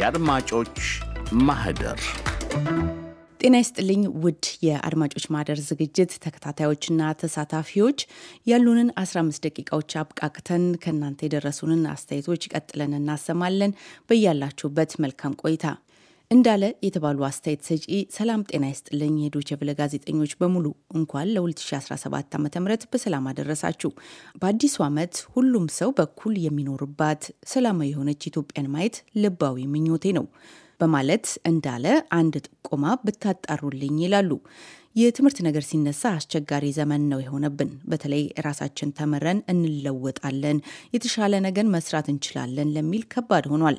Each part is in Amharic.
የአድማጮች ማህደር ጤና ይስጥልኝ ውድ የአድማጮች ማህደር ዝግጅት ተከታታዮችና ተሳታፊዎች፣ ያሉንን 15 ደቂቃዎች አብቃቅተን ከእናንተ የደረሱንን አስተያየቶች ቀጥለን እናሰማለን። በያላችሁበት መልካም ቆይታ እንዳለ የተባሉ አስተያየት ሰጪ ሰላም ጤና ይስጥልኝ፣ የዶቼ ቬለ ጋዜጠኞች በሙሉ እንኳን ለ2017 ዓ ም በሰላም አደረሳችሁ። በአዲሱ ዓመት ሁሉም ሰው በኩል የሚኖርባት ሰላማዊ የሆነች ኢትዮጵያን ማየት ልባዊ ምኞቴ ነው በማለት እንዳለ አንድ ጥቆማ ብታጣሩልኝ ይላሉ። የትምህርት ነገር ሲነሳ አስቸጋሪ ዘመን ነው የሆነብን። በተለይ ራሳችን ተምረን እንለወጣለን፣ የተሻለ ነገን መስራት እንችላለን ለሚል ከባድ ሆኗል።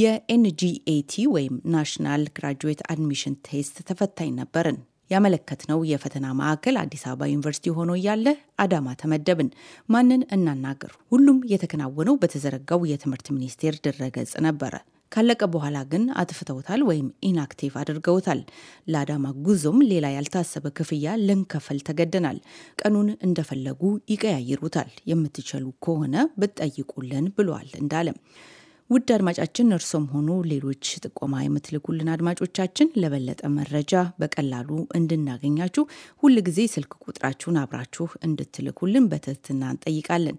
የኤንጂኤቲ ወይም ናሽናል ግራጁዌት አድሚሽን ቴስት ተፈታኝ ነበርን። ያመለከትነው የፈተና ማዕከል አዲስ አበባ ዩኒቨርሲቲ ሆኖ እያለ አዳማ ተመደብን። ማንን እናናገር? ሁሉም የተከናወነው በተዘረጋው የትምህርት ሚኒስቴር ድረገጽ ነበረ። ካለቀ በኋላ ግን አጥፍተውታል ወይም ኢንአክቲቭ አድርገውታል። ለአዳማ ጉዞም ሌላ ያልታሰበ ክፍያ ልንከፈል ተገደናል። ቀኑን እንደፈለጉ ይቀያይሩታል። የምትችሉ ከሆነ ብትጠይቁልን ብሏል እንዳለም ውድ አድማጫችን እርሶም ሆኑ ሌሎች ጥቆማ የምትልኩልን አድማጮቻችን ለበለጠ መረጃ በቀላሉ እንድናገኛችሁ ሁል ጊዜ ስልክ ቁጥራችሁን አብራችሁ እንድትልኩልን በትህትና እንጠይቃለን።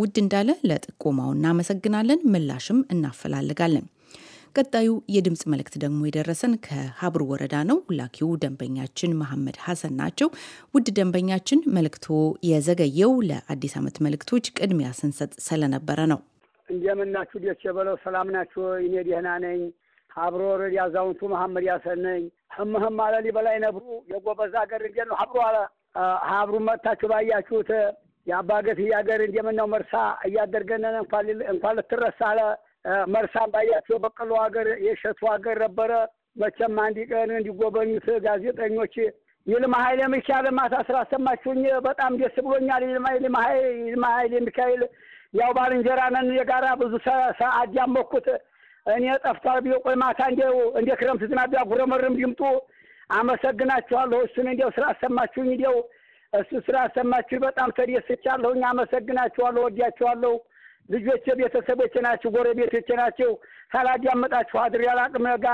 ውድ እንዳለ ለጥቆማው እናመሰግናለን። ምላሽም እናፈላልጋለን። ቀጣዩ የድምፅ መልእክት ደግሞ የደረሰን ከሀብር ወረዳ ነው። ላኪው ደንበኛችን መሐመድ ሀሰን ናቸው። ውድ ደንበኛችን መልእክቶ የዘገየው ለአዲስ ዓመት መልእክቶች ቅድሚያ ስንሰጥ ስለነበረ ነው። እንደምን ናችሁ? ደስ የበለው። ሰላም ናችሁ? እኔ ደህና ነኝ። ሀብሮ ወረድ ያዛውንቱ መሐመድ ያሰን ነኝ። ህም ህም አለ ሊበላይ ነብሩ የጎበዝ ሀገር እንዴት ነው ሀብሮ አለ ሀብሩ መታችሁ ባያችሁት የአባገት እያገር ሀገር እንደምን ነው መርሳ እያደርገነን እንኳን ልትረሳ አለ መርሳን ባያችሁ በቀሎ ሀገር የሸቱ ሀገር ነበረ። መቼም አንድ ቀን እንዲጎበኙት ጋዜጠኞች ይልማ ኃይለ ሚካኤል ማታ ስራ ሰማችሁኝ። በጣም ደስ ብሎኛል። ይልማ ኃይለ ሚካኤል ያው ባልንጀራ ነን የጋራ ብዙ ሰዓት ያመኩት እኔ ጠፍቷል ብዬ ቆይ ማታ እንዲው እንደ ክረምት ዝናብ ቢያጉረመርም ቢምጡ አመሰግናችኋለሁ። እሱን እንዲው ስራ አሰማችሁኝ፣ እንዲው እሱ ስራ አሰማችሁኝ። በጣም ተደስቻለሁኝ። አመሰግናችኋለሁ፣ ወዲያችኋለሁ። ልጆቼ ቤተሰቦቼ ናቸው፣ ጎረቤቶቼ ናቸው። ሳላዳመጣችሁ አድሬ አላቅም። ጋ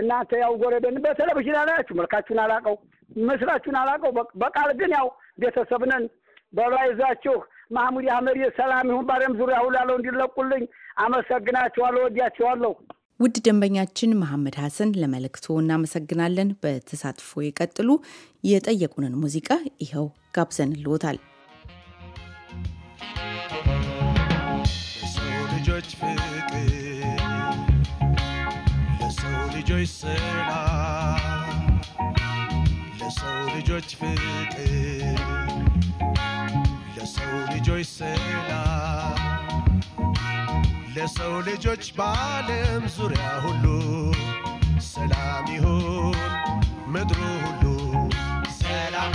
እናንተ ያው ጎረቤን በቴሌቪዥን አላያችሁ፣ መልካችሁን አላቀው፣ ምስላችሁን አላቀው። በቃል ግን ያው ቤተሰብ ነን በሏ ማሙድ አህመድ ሰላም ይሁን ባለም ዙሪያ ሁ ያለው እንዲለቁልኝ አመሰግናቸዋለሁ፣ ወዲያቸዋለሁ። ውድ ደንበኛችን መሐመድ ሀሰን ለመልእክቶ እናመሰግናለን። በተሳትፎ የቀጥሉ። የጠየቁንን ሙዚቃ ይኸው ጋብዘን ልዎታል። ለሰው ልጆች ፍቅር፣ ለሰው ልጆች ሰላም፣ ለሰው ልጆች ፍቅር ለሰው ልጆች ሰላም ለሰው ልጆች በዓለም ዙሪያ ሁሉ ሰላም ይሁን ምድሩ ሁሉ ሰላም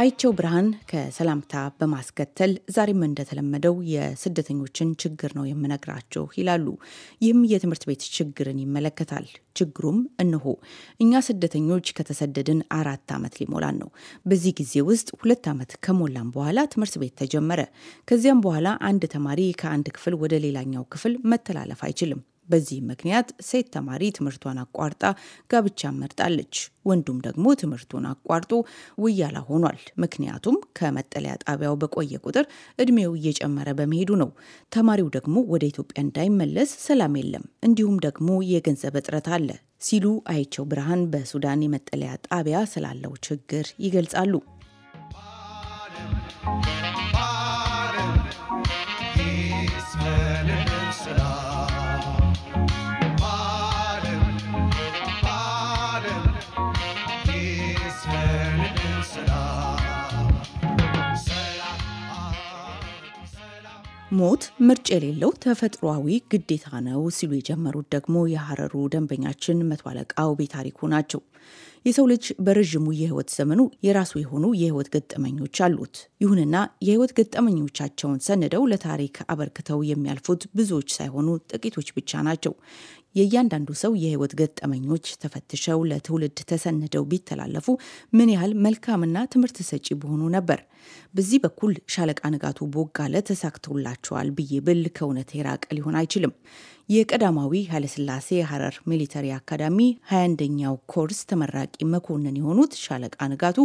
አይቸው ብርሃን ከሰላምታ በማስከተል ዛሬም እንደተለመደው የስደተኞችን ችግር ነው የምነግራቸው ይላሉ። ይህም የትምህርት ቤት ችግርን ይመለከታል። ችግሩም እነሆ እኛ ስደተኞች ከተሰደድን አራት ዓመት ሊሞላን ነው። በዚህ ጊዜ ውስጥ ሁለት ዓመት ከሞላን በኋላ ትምህርት ቤት ተጀመረ። ከዚያም በኋላ አንድ ተማሪ ከአንድ ክፍል ወደ ሌላኛው ክፍል መተላለፍ አይችልም። በዚህ ምክንያት ሴት ተማሪ ትምህርቷን አቋርጣ ጋብቻ መርጣለች። ወንዱም ደግሞ ትምህርቱን አቋርጦ ውያላ ሆኗል። ምክንያቱም ከመጠለያ ጣቢያው በቆየ ቁጥር እድሜው እየጨመረ በመሄዱ ነው። ተማሪው ደግሞ ወደ ኢትዮጵያ እንዳይመለስ ሰላም የለም፣ እንዲሁም ደግሞ የገንዘብ እጥረት አለ ሲሉ አይቸው ብርሃን በሱዳን የመጠለያ ጣቢያ ስላለው ችግር ይገልጻሉ። ሞት ምርጫ የሌለው ተፈጥሯዊ ግዴታ ነው ሲሉ የጀመሩት ደግሞ የሐረሩ ደንበኛችን መቶ አለቃው ቤታሪኩ ናቸው። የሰው ልጅ በረዥሙ የህይወት ዘመኑ የራሱ የሆኑ የህይወት ገጠመኞች አሉት። ይሁንና የህይወት ገጠመኞቻቸውን ሰንደው ለታሪክ አበርክተው የሚያልፉት ብዙዎች ሳይሆኑ ጥቂቶች ብቻ ናቸው። የእያንዳንዱ ሰው የህይወት ገጠመኞች ተፈትሸው ለትውልድ ተሰንደው ቢተላለፉ ምን ያህል መልካምና ትምህርት ሰጪ በሆኑ ነበር። በዚህ በኩል ሻለቃ ንጋቱ ቦጋለ ተሳክቶላቸዋል ብዬ ብል ከእውነት የራቀ ሊሆን አይችልም። የቀዳማዊ ኃይለስላሴ ሀረር ሚሊተሪ አካዳሚ 21ኛው ኮርስ ተመራቂ መኮንን የሆኑት ሻለቃ ንጋቱ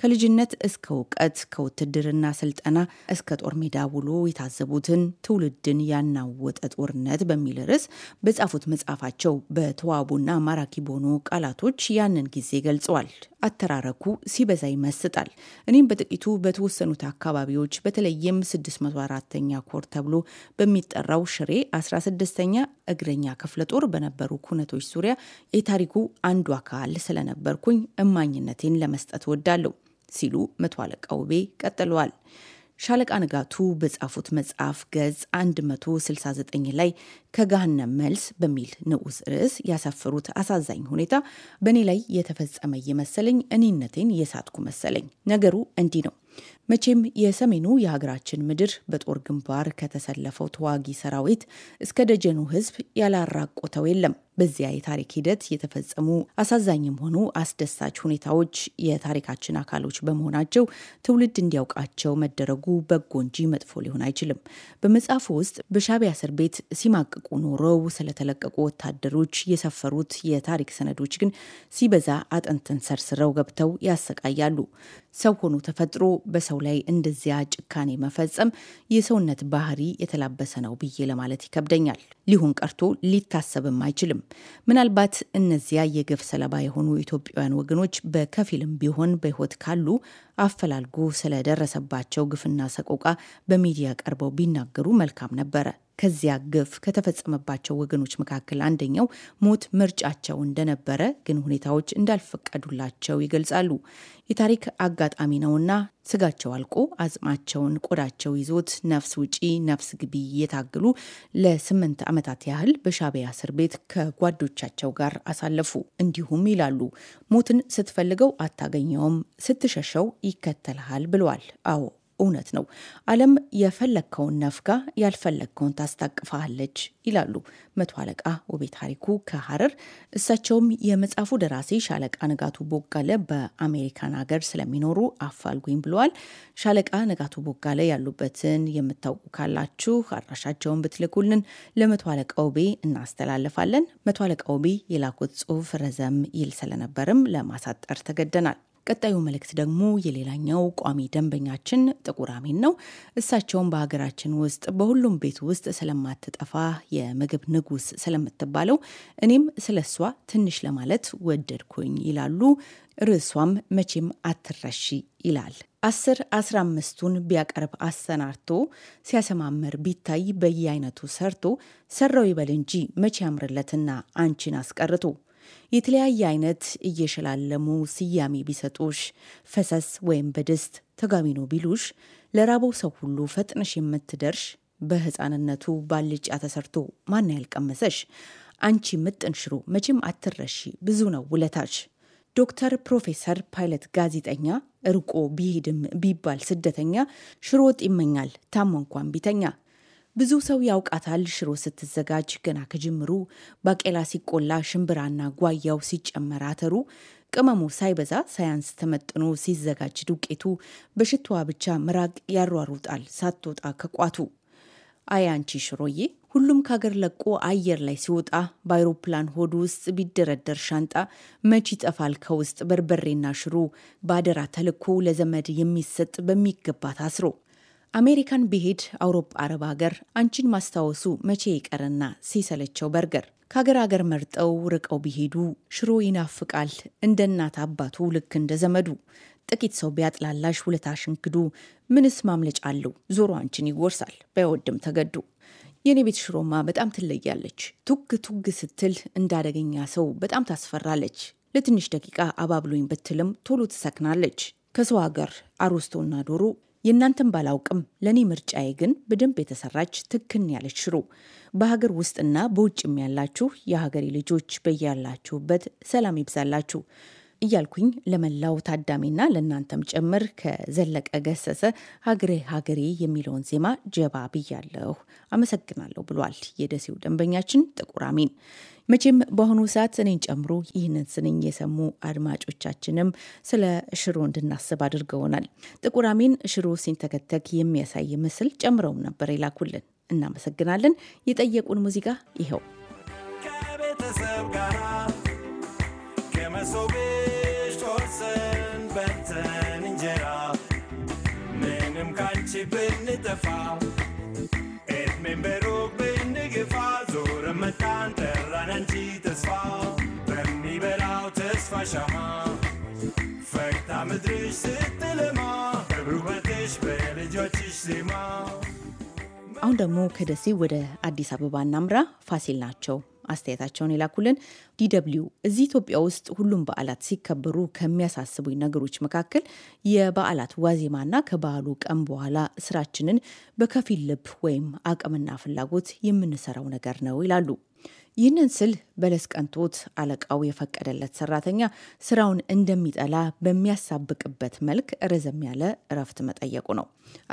ከልጅነት እስከ እውቀት ከውትድርና ስልጠና እስከ ጦር ሜዳ ውሎ የታዘቡትን ትውልድን ያናወጠ ጦርነት በሚል ርዕስ በጻፉት መጽሐፋቸው በተዋቡና ማራኪ በሆኑ ቃላቶች ያንን ጊዜ ገልጸዋል። አተራረኩ ሲበዛ ይመስጣል። እኔም በጥቂቱ በተወሰኑት አካባቢዎች በተለይም 604ኛ ኮር ተብሎ በሚጠራው ሽሬ 16ኛ እግረኛ ክፍለ ጦር በነበሩ ኩነቶች ዙሪያ የታሪኩ አንዱ አካል ስለነበርኩኝ እማኝነቴን ለመስጠት ወዳለሁ ሲሉ መቶ አለቃ ውቤ ቀጥለዋል። ሻለቃ ንጋቱ በጻፉት መጽሐፍ ገጽ 169 ላይ ከገሃነም መልስ በሚል ንዑስ ርዕስ ያሰፈሩት አሳዛኝ ሁኔታ በእኔ ላይ የተፈጸመ የመሰለኝ እኔነቴን የሳትኩ መሰለኝ። ነገሩ እንዲህ ነው። መቼም የሰሜኑ የሀገራችን ምድር በጦር ግንባር ከተሰለፈው ተዋጊ ሰራዊት እስከ ደጀኑ ሕዝብ ያላራቆተው የለም። በዚያ የታሪክ ሂደት የተፈጸሙ አሳዛኝም ሆኑ አስደሳች ሁኔታዎች የታሪካችን አካሎች በመሆናቸው ትውልድ እንዲያውቃቸው መደረጉ በጎ እንጂ መጥፎ ሊሆን አይችልም። በመጽሐፉ ውስጥ በሻቢያ እስር ቤት ሲማቅቁ ኖረው ስለተለቀቁ ወታደሮች የሰፈሩት የታሪክ ሰነዶች ግን ሲበዛ አጥንትን ሰርስረው ገብተው ያሰቃያሉ። ሰው ሆኖ ተፈጥሮ በሰው ላይ እንደዚያ ጭካኔ መፈጸም የሰውነት ባህሪ የተላበሰ ነው ብዬ ለማለት ይከብደኛል። ሊሆን ቀርቶ ሊታሰብም አይችልም። ምናልባት እነዚያ የገፍ ሰለባ የሆኑ ኢትዮጵያውያን ወገኖች በከፊልም ቢሆን በሕይወት ካሉ አፈላልጉ ስለደረሰባቸው ግፍና ሰቆቃ በሚዲያ ቀርበው ቢናገሩ መልካም ነበረ። ከዚያ ግፍ ከተፈጸመባቸው ወገኖች መካከል አንደኛው ሞት ምርጫቸው እንደነበረ ግን ሁኔታዎች እንዳልፈቀዱላቸው ይገልጻሉ። የታሪክ አጋጣሚ ነውና ስጋቸው አልቆ አጽማቸውን ቆዳቸው ይዞት ነፍስ ውጪ ነፍስ ግቢ እየታገሉ ለስምንት ዓመታት ያህል በሻቢያ እስር ቤት ከጓዶቻቸው ጋር አሳለፉ። እንዲሁም ይላሉ ሞትን ስትፈልገው አታገኘውም፣ ስትሸሸው ይከተልሃል ብለዋል። አዎ እውነት ነው። ዓለም የፈለግከውን ነፍጋ ያልፈለግከውን ታስታቅፋለች ይላሉ መቶ አለቃ ውቤ ታሪኩ ከሐረር። እሳቸውም የመጽሐፉ ደራሲ ሻለቃ ንጋቱ ቦጋለ በአሜሪካን ሀገር ስለሚኖሩ አፋልጉኝ ብለዋል። ሻለቃ ንጋቱ ቦጋለ ያሉበትን የምታውቁ ካላችሁ አድራሻቸውን ብትልኩልን ለመቶ አለቃ ውቤ እናስተላልፋለን። መቶ አለቃ ውቤ የላኩት ጽሁፍ ረዘም ይል ስለነበርም ለማሳጠር ተገደናል። ቀጣዩ መልእክት ደግሞ የሌላኛው ቋሚ ደንበኛችን ጥቁር አሜን ነው። እሳቸውም በሀገራችን ውስጥ በሁሉም ቤት ውስጥ ስለማትጠፋ የምግብ ንጉስ ስለምትባለው እኔም ስለ እሷ ትንሽ ለማለት ወደድኩኝ ይላሉ። ርዕሷም መቼም አትረሺ ይላል። አስር አስራ አምስቱን ቢያቀርብ አሰናርቶ ሲያሰማምር ቢታይ በየአይነቱ ሰርቶ ሰራው ይበል እንጂ መቼ ያምርለትና አንቺን አስቀርቶ የተለያየ አይነት እየሸላለሙ ስያሜ ቢሰጡሽ፣ ፈሰስ ወይም በድስት ተጋሚ ነው ቢሉሽ፣ ለራበው ሰው ሁሉ ፈጥነሽ የምትደርሽ በህፃንነቱ ባልጫ ተሰርቶ ማን ያልቀመሰሽ አንቺ ምጥን ሽሮ መቼም አትረሺ፣ ብዙ ነው ውለታች ዶክተር ፕሮፌሰር ፓይለት ጋዜጠኛ እርቆ ቢሄድም ቢባል ስደተኛ ሽሮ ወጥ ይመኛል ታሞ እንኳን ቢተኛ ብዙ ሰው ያውቃታል። ሽሮ ስትዘጋጅ ገና ከጅምሩ ባቄላ ሲቆላ፣ ሽምብራና ጓያው ሲጨመር አተሩ ቅመሙ ሳይበዛ ሳያንስ ተመጥኖ ሲዘጋጅ ዱቄቱ በሽታዋ ብቻ ምራቅ ያሯሩጣል ሳትወጣ ከቋቱ። አይ አንቺ ሽሮዬ፣ ሁሉም ከሀገር ለቆ አየር ላይ ሲወጣ በአይሮፕላን ሆድ ውስጥ ቢደረደር ሻንጣ መች ይጠፋል ከውስጥ በርበሬና ሽሮ በአደራ ተልኮ ለዘመድ የሚሰጥ በሚገባ ታስሮ አሜሪካን ቢሄድ አውሮፓ አረብ ሀገር አንቺን ማስታወሱ መቼ ይቀርና ሲሰለቸው በርገር ከሀገር አገር መርጠው ርቀው ቢሄዱ ሽሮ ይናፍቃል እንደ እናት አባቱ ልክ እንደ ዘመዱ ጥቂት ሰው ቢያጥላላሽ ውለታ ሽንክዱ ምንስ ማምለጫ አለው ዞሮ አንቺን ይጎርሳል ባይወድም ተገዱ የእኔ ቤት ሽሮማ በጣም ትለያለች ቱግ ቱግ ስትል እንዳደገኛ ሰው በጣም ታስፈራለች ለትንሽ ደቂቃ አባብሎኝ ብትልም ቶሎ ትሰክናለች ከሰው ሀገር አሮስቶና ዶሮ የእናንተን ባላውቅም ለእኔ ምርጫዬ ግን በደንብ የተሰራች ትክን ያለች ሽሮ። በሀገር ውስጥና በውጭም ያላችሁ የሀገሬ ልጆች በያላችሁበት ሰላም ይብዛላችሁ። እያልኩኝ ለመላው ታዳሚና ለእናንተም ጭምር ከዘለቀ ገሰሰ ሀገሬ ሀገሬ የሚለውን ዜማ ጀባ ብያለሁ፣ አመሰግናለሁ ብሏል የደሴው ደንበኛችን ጥቁር አሚን። መቼም በአሁኑ ሰዓት እኔን ጨምሮ ይህንን ስንኝ የሰሙ አድማጮቻችንም ስለ ሽሮ እንድናስብ አድርገውናል። ጥቁር አሚን ሽሮ ሲንተከተክ የሚያሳይ ምስል ጨምረውም ነበር የላኩልን። እናመሰግናለን። የጠየቁን ሙዚቃ ይኸው። ከቤተሰብ ጋር ከመሶቤ ti bene te fa et membero bene che fa ora ma tante la nanti te fa per mi per auto sfa sha fa ta me drisse te le ma per ruba te spele gio ci si ma አሁን ደግሞ ከደሴ ወደ አዲስ አበባ እናምራ። ፋሲል ናቸው አስተያየታቸውን የላኩልን። ዲደብሊው እዚህ ኢትዮጵያ ውስጥ ሁሉም በዓላት ሲከበሩ ከሚያሳስቡኝ ነገሮች መካከል የበዓላት ዋዜማና ከበዓሉ ቀን በኋላ ስራችንን በከፊል ልብ ወይም አቅምና ፍላጎት የምንሰራው ነገር ነው ይላሉ። ይህንን ስል በለስ ቀንቶት አለቃው የፈቀደለት ሰራተኛ ስራውን እንደሚጠላ በሚያሳብቅበት መልክ ረዘም ያለ እረፍት መጠየቁ ነው።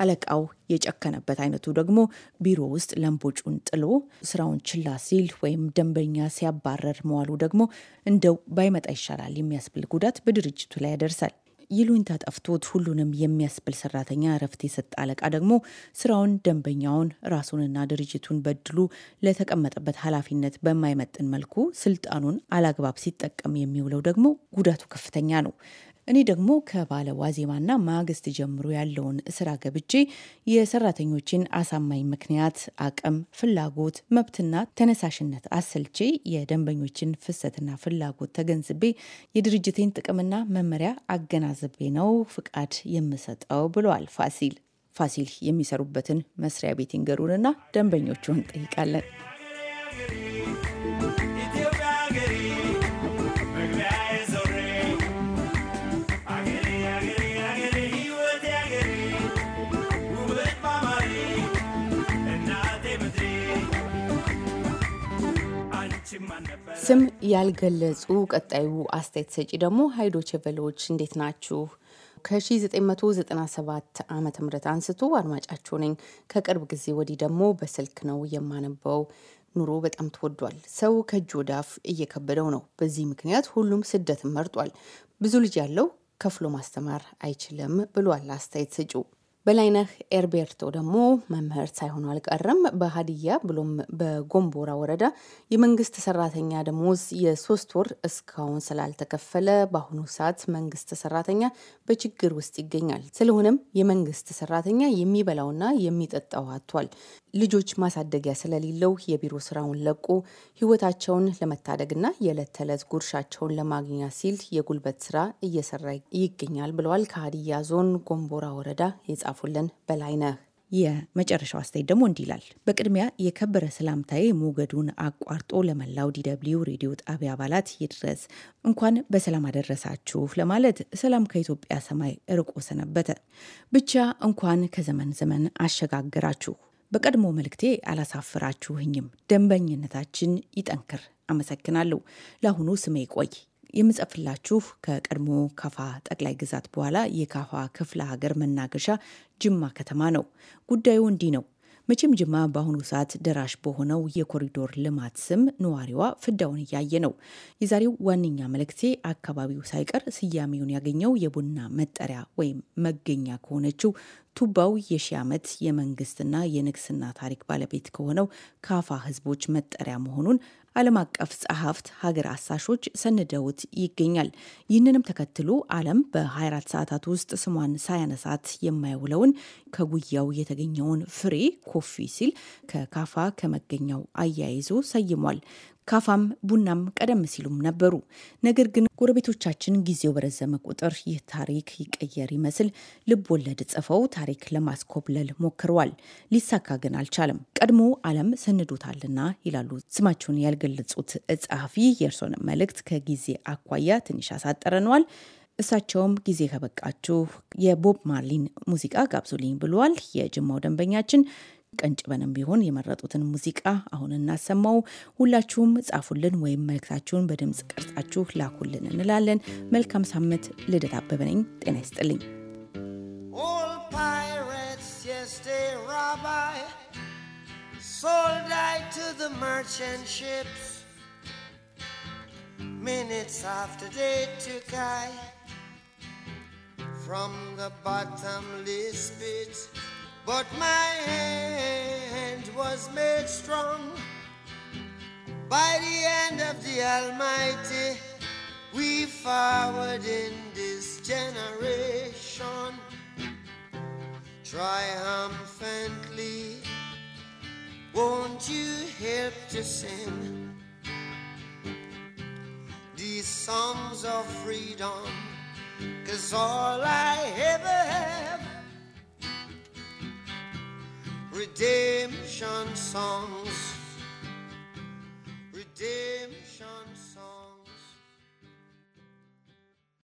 አለቃው የጨከነበት አይነቱ ደግሞ ቢሮ ውስጥ ለምቦጩን ጥሎ ስራውን ችላ ሲል ወይም ደንበኛ ሲያባረር መዋሉ ደግሞ እንደው ባይመጣ ይሻላል የሚያስብል ጉዳት በድርጅቱ ላይ ያደርሳል። ይሉኝታ ጠፍቶት ሁሉንም የሚያስብል ሰራተኛ እረፍት የሰጠ አለቃ ደግሞ ስራውን፣ ደንበኛውን፣ ራሱንና ድርጅቱን በድሉ ለተቀመጠበት ኃላፊነት በማይመጥን መልኩ ስልጣኑን አላግባብ ሲጠቀም የሚውለው ደግሞ ጉዳቱ ከፍተኛ ነው። እኔ ደግሞ ከባለ ዋዜማና ማግስት ጀምሮ ያለውን ስራ ገብቼ የሰራተኞችን አሳማኝ ምክንያት፣ አቅም፣ ፍላጎት፣ መብትና ተነሳሽነት አሰልቼ የደንበኞችን ፍሰትና ፍላጎት ተገንዝቤ የድርጅቴን ጥቅምና መመሪያ አገናዝቤ ነው ፍቃድ የምሰጠው ብለዋል ፋሲል። ፋሲል የሚሰሩበትን መስሪያ ቤት ይንገሩንና ደንበኞቹን ጠይቃለን። ስም ያልገለጹ ቀጣዩ አስተያየት ሰጪ ደግሞ ሀይዶች ቨሎዎች እንዴት ናችሁ? ከ1997 ዓ ም አንስቶ አድማጫችሁ ነኝ። ከቅርብ ጊዜ ወዲህ ደግሞ በስልክ ነው የማነበው። ኑሮ በጣም ተወዷል። ሰው ከእጅ ወዳፍ እየከበደው ነው። በዚህ ምክንያት ሁሉም ስደትን መርጧል። ብዙ ልጅ ያለው ከፍሎ ማስተማር አይችልም ብሏል አስተያየት ሰጪው። በላይነህ ኤርቤርቶ ደግሞ መምህር ሳይሆኑ አልቀረም። በሀዲያ ብሎም በጎንቦራ ወረዳ የመንግስት ሰራተኛ ደሞዝ የሶስት ወር እስካሁን ስላልተከፈለ በአሁኑ ሰዓት መንግስት ሰራተኛ በችግር ውስጥ ይገኛል። ስለሆነም የመንግስት ሰራተኛ የሚበላውና የሚጠጣው አጥቷል። ልጆች ማሳደጊያ ስለሌለው የቢሮ ስራውን ለቁ ህይወታቸውን ለመታደግና የዕለት ተዕለት ጉርሻቸውን ለማግኛ ሲል የጉልበት ስራ እየሰራ ይገኛል ብለዋል ከሀዲያ ዞን ጎንቦራ ወረዳ የጻፉ የጻፉልን ነህ። የመጨረሻው አስተያየት ደግሞ እንዲህ ይላል። በቅድሚያ የከበረ ሰላምታዬ ሞገዱን አቋርጦ ለመላው ዲደብሊው ሬዲዮ ጣቢያ አባላት ይድረስ። እንኳን በሰላም አደረሳችሁ ለማለት ሰላም ከኢትዮጵያ ሰማይ ርቆ ሰነበተ። ብቻ እንኳን ከዘመን ዘመን አሸጋግራችሁ። በቀድሞ መልእክቴ አላሳፍራችሁኝም። ደንበኝነታችን ይጠንክር። አመሰግናለሁ። ለአሁኑ ስሜ ይቆይ። የምጽፍላችሁ ከቀድሞ ካፋ ጠቅላይ ግዛት በኋላ የካፋ ክፍለ ሀገር መናገሻ ጅማ ከተማ ነው። ጉዳዩ እንዲህ ነው። መቼም ጅማ በአሁኑ ሰዓት ደራሽ በሆነው የኮሪዶር ልማት ስም ነዋሪዋ ፍዳውን እያየ ነው። የዛሬው ዋነኛ መልእክቴ አካባቢው ሳይቀር ስያሜውን ያገኘው የቡና መጠሪያ ወይም መገኛ ከሆነችው ቱባው የሺ ዓመት የመንግስትና የንግስና ታሪክ ባለቤት ከሆነው ካፋ ህዝቦች መጠሪያ መሆኑን ዓለም አቀፍ ጸሐፍት ሀገር አሳሾች ሰንደውት ይገኛል። ይህንንም ተከትሎ ዓለም በ24 ሰዓታት ውስጥ ስሟን ሳያነሳት የማይውለውን ከጉያው የተገኘውን ፍሬ ኮፊ ሲል ከካፋ ከመገኛው አያይዞ ሰይሟል። ካፋም ቡናም ቀደም ሲሉም ነበሩ። ነገር ግን ጎረቤቶቻችን ጊዜው በረዘመ ቁጥር ይህ ታሪክ ይቀየር ይመስል ልብ ወለድ ጽፈው ታሪክ ለማስኮብለል ሞክረዋል። ሊሳካ ግን አልቻለም። ቀድሞ ዓለም ሰንዶታልና ይላሉ ስማቸውን ያልገለጹት ጸሐፊ። የእርሶን መልእክት ከጊዜ አኳያ ትንሽ አሳጠረነዋል። እሳቸውም ጊዜ ከበቃችሁ የቦብ ማርሊን ሙዚቃ ጋብዙልኝ ብለዋል። የጅማው ደንበኛችን ቀንጭበንም ቢሆን የመረጡትን ሙዚቃ አሁን እናሰማው። ሁላችሁም ጻፉልን ወይም መልእክታችሁን በድምፅ ቀርጻችሁ ላኩልን እንላለን። መልካም ሳምንት። ልደት አበበ ነኝ። ጤና ይስጥልኝ። Sold I to the merchant ships. Minutes after they took I from the bottomless pit. But my hand was made strong by the hand of the Almighty. We forward in this generation triumphantly. Won't you help to sing these songs of freedom? Cause all I ever had. redemption song.